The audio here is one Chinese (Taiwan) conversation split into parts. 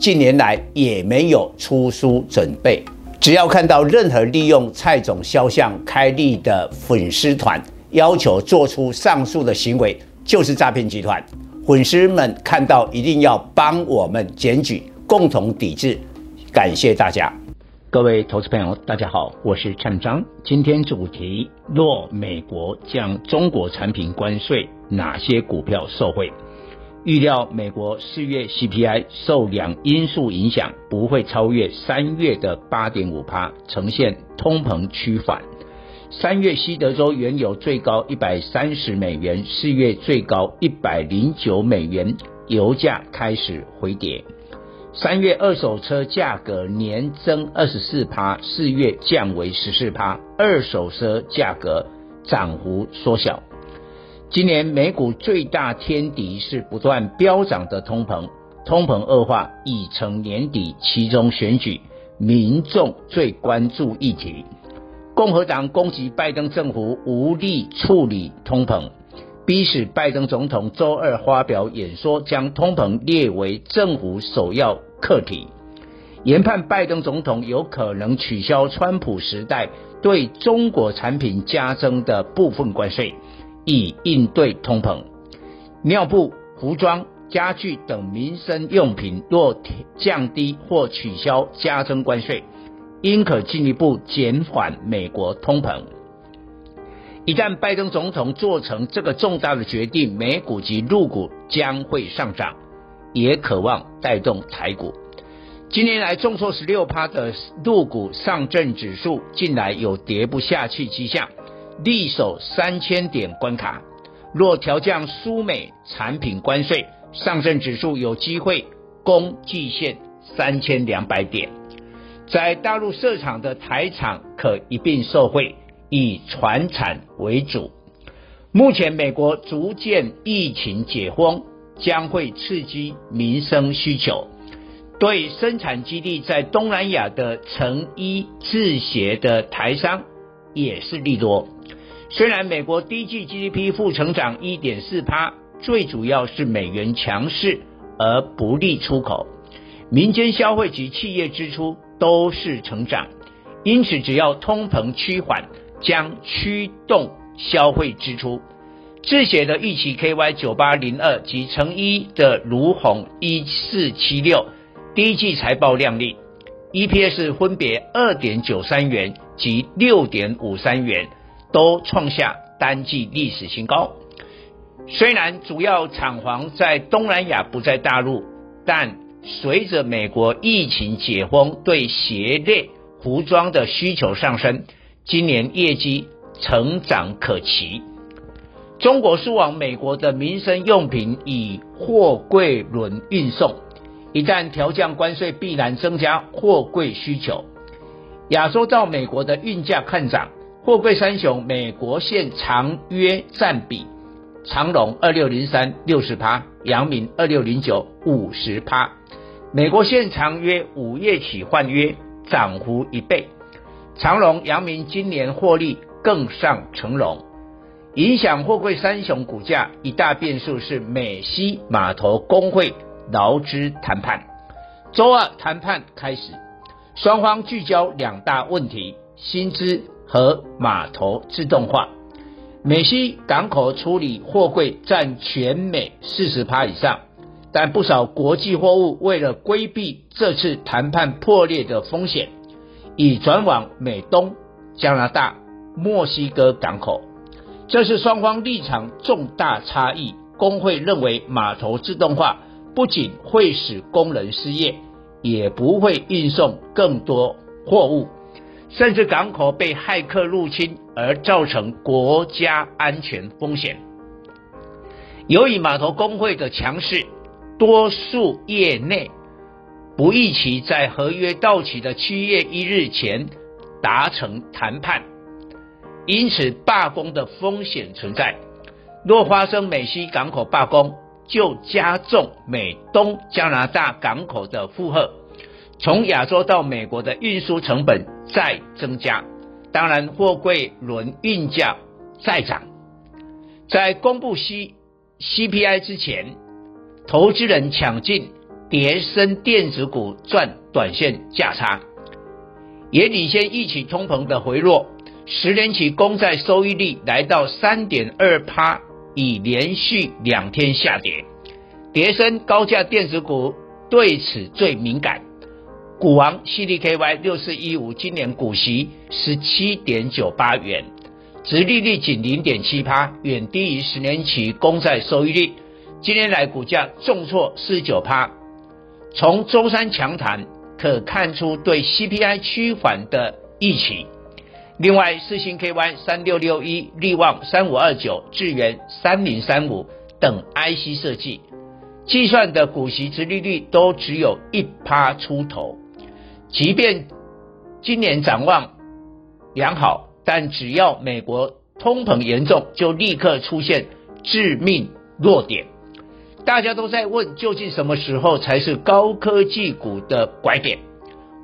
近年來也沒有出書準備，只要看到任何利用蔡總肖像開立的粉絲團，要求做出上述的行為，就是詐騙集團。粉絲們看到一定要幫我們檢舉，共同抵制。感謝大家，各位投資朋友，大家好，我是蔡明彰。今天主題：若美國降中國產品關稅，哪些股票受惠？預料美國四月 CPI 受兩因素影響，不會超越三月的八點五趴，呈現通膨趨緩。三月西德州原油最高一百三十美元，四月最高一百零九美元，油價開始回跌。三月二手車價格年增二十四趴，四月降為十四趴，二手車價格漲幅縮小。今年美股最大天敵是不斷飆漲的通膨，通膨惡化已成年底其中選舉民眾最關注議題。共和黨攻擊拜登政府無力處理通膨，逼使拜登總統周二發表演說，將通膨列為政府首要課題。研判拜登總統有可能取消川普時代對中國產品加徵的部分關稅。以應對通膨，尿布、服裝、家具等民生用品，若降低或取消加徵關稅，應可進一步減緩美國通膨。一旦拜登總統做成這個重大的決定，美股及陸股將會上漲，也渴望帶動台股。今年來重挫十六趴的陸股上證指數，近來有跌不下去跡象。力守三千點關卡，若調降蘇美產品關稅，上證指數有機會攻季線三千兩百點。在大陸設廠的台廠可一併受惠，以傳產為主。目前美國逐漸疫情解封，將會刺激民生需求，對生產基地在東南亞的成衣制鞋的台商也是利多。雖然美國第一季 GDP 負成長一點四趴，最主要是美元強勢而不利出口，民間消費及企業支出都是成長，因此只要通膨趨緩，將驅動消費支出。製鞋的鈺齊 KY 九八零二及成衣的儒鴻一四七六，第一季財報亮麗，EPS 分別二點九三元及六點五三元。都創下單季歷史新高。雖然主要廠房在東南亞，不在大陸，但隨着美國疫情解封，對鞋類服裝的需求上升，今年業績成長可期。中國輸往美國的民生用品以貨櫃輪運送，一旦調降關稅，必然增加貨櫃需求。亞洲到美國的運價看漲。貨櫃三雄美國線長約占比，長榮二六零三六十趴，陽明二六零九五十趴。美國線長約五月起換約，漲幅一倍。長榮、陽明今年獲利更上層樓。影響貨櫃三雄股價一大變數是美西碼頭工會勞資談判，周二談判開始，雙方聚焦兩大問題：薪資、和碼頭自動化，美西港口處理貨櫃占全美四十趴以上，但不少國際貨物為了規避這次談判破裂的風險，已轉往美東、加拿大、墨西哥港口。這是雙方立場重大差異。工會認為碼頭自動化不僅會使工人失業，也不會運送更多貨物。甚至港口被駭客入侵而造成國家安全風險。由於碼頭工會的強勢，多數業內不預期在合約到期的七月一日前達成談判，因此罷工的風險存在。若發生美西港口罷工，就加重美東、加拿大港口的負荷。從亞洲到美國的運輸成本再增加，當然貨櫃輪運價再漲。在公布 CPI 之前，投資人搶進跌深電子股賺短線價差，也領先一起通膨的回落。十年期公債收益率來到3.2趴，已連續兩天下跌。跌深高價電子股對此最敏感。股王矽力 KY 六四一五，今年股息十七點九八元，殖利率僅零點七趴，遠低於十年期公債收益率。今年來股價重挫四十九趴，從周三強談可看出對 C P I 趨緩的預期。另外，四星 K Y 三六六一、力旺三五二九、智源三零三五等 I C 設計，計算的股息殖利率都只有一趴出頭。即便今年展望良好，但只要美國通膨嚴重，就立刻出現致命弱點。大家都在問，究竟什麼時候才是高科技股的拐點？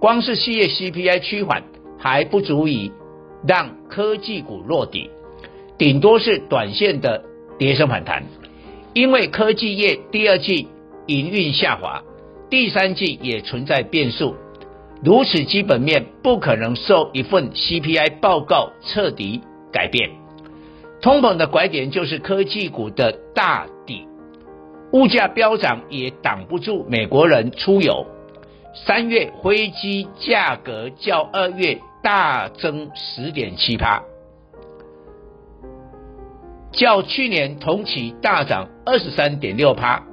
光是企業 CPI 趨緩還不足以讓科技股落底，頂多是短線的跌深反彈。因為科技業第二季營運下滑，第三季也存在變數。如此基本面不可能受一份 CPI 報告徹底改變。通膨的拐點就是科技股的大底，物價飆漲也擋不住美國人出遊。三月飛機價格較二月大增十點七趴，較去年同期大漲二十三點六趴，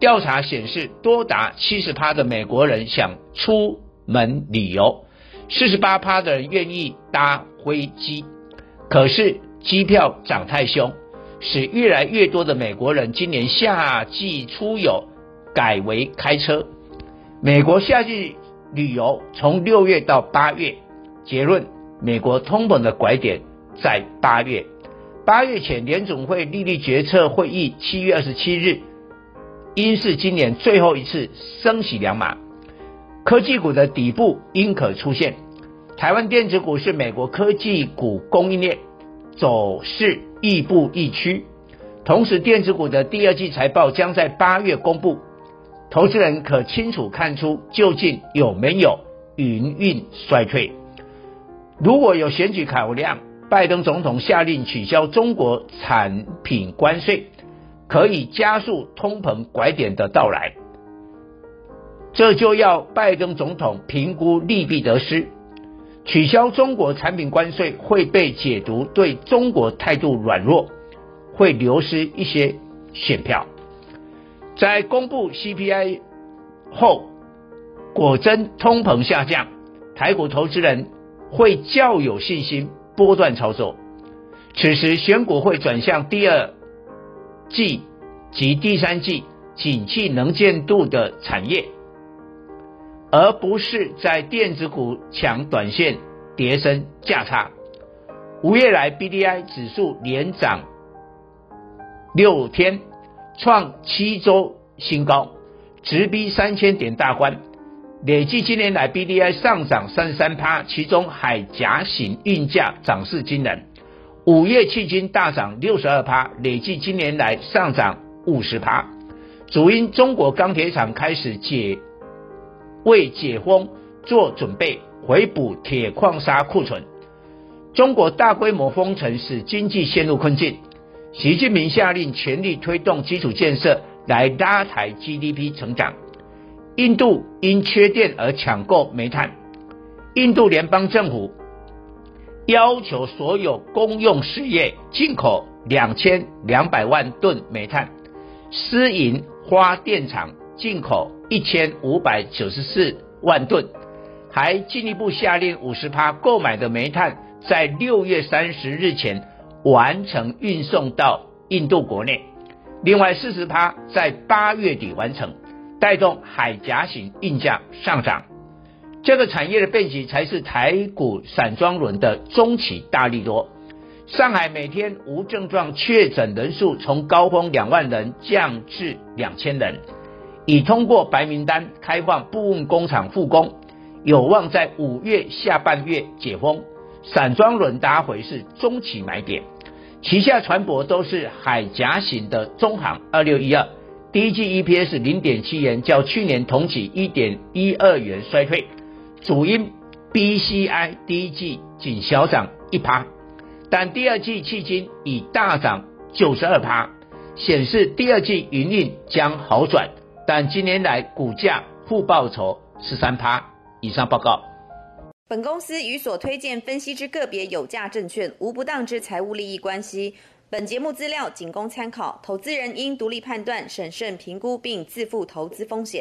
調查顯示，多達七十趴的美國人想出們旅遊，四十八趴的人願意搭飛機，可是機票漲太凶，使越來越多的美國人今年夏季出遊改為開車。美國夏季旅遊從六月到八月，結論：美國通膨的拐點在八月。八月前聯總會利率決策會議，七月二十七日，應是今年最後一次升息兩碼。科技股的底部應可出現。台灣電子股是美國科技股供應鏈，走勢亦步亦趨，同時電子股的第二季財報將在八月公布，投資人可清楚看出究竟有沒有營運衰退。如果有選舉考量，拜登總統下令取消中國產品關稅，可以加速通膨拐點的到來。這就要拜登總統評估利弊得失，取消中國產品關稅會被解讀對中國態度軟弱，會流失一些選票。在公布 CPI 後，果真通膨下降，台股投資人會較有信心波段操作。此時選股會轉向第二季及第三季景氣能見度的產業。而不是在電子股搶短線，跌升價差。五月來，B D I 指數連漲六天，創七周新高，直逼三千點大關。累計今年來，B D I 上漲三十三趴，其中海岬型運價漲勢驚人，五月迄今大漲六十二趴，累計今年來上漲五十趴，主因中國鋼鐵廠開始解。為解封做準備，回補鐵礦砂庫存。中國大規模封城使經濟陷入困境，習近平下令全力推動基礎建設來拉抬 GDP 成長。印度因缺電而搶購煤炭，印度聯邦政府要求所有公用事業進口兩千兩百萬噸煤炭，私營發電廠。進口一千五百九十四萬噸，還進一步下令五十趴購買的煤炭在六月三十日前完成運送到印度國內，另外四十趴在八月底完成，帶動海岬型運價上漲。這個產業的背景才是台股散裝輪的中期大利多。上海每天無症狀確診人數從高峰兩萬人降至兩千人。已通過白名單開放部分工廠復工，有望在五月下半月解封。散裝輪搭回是中期買點，旗下船舶都是海岬型的中航二六一二，第一季 EPS 零點七元，較去年同期一點一二元衰退，主因 BCI 第一季僅小漲一趴，但第二季迄今已大漲九十二趴，顯示第二季營運將好轉。但今年來股價負報酬十三趴以上。報告，本公司與所推薦分析之個別有價證券無不當之財務利益關係。本節目資料僅供參考，投資人應獨立判斷、審慎評估並自負投資風險。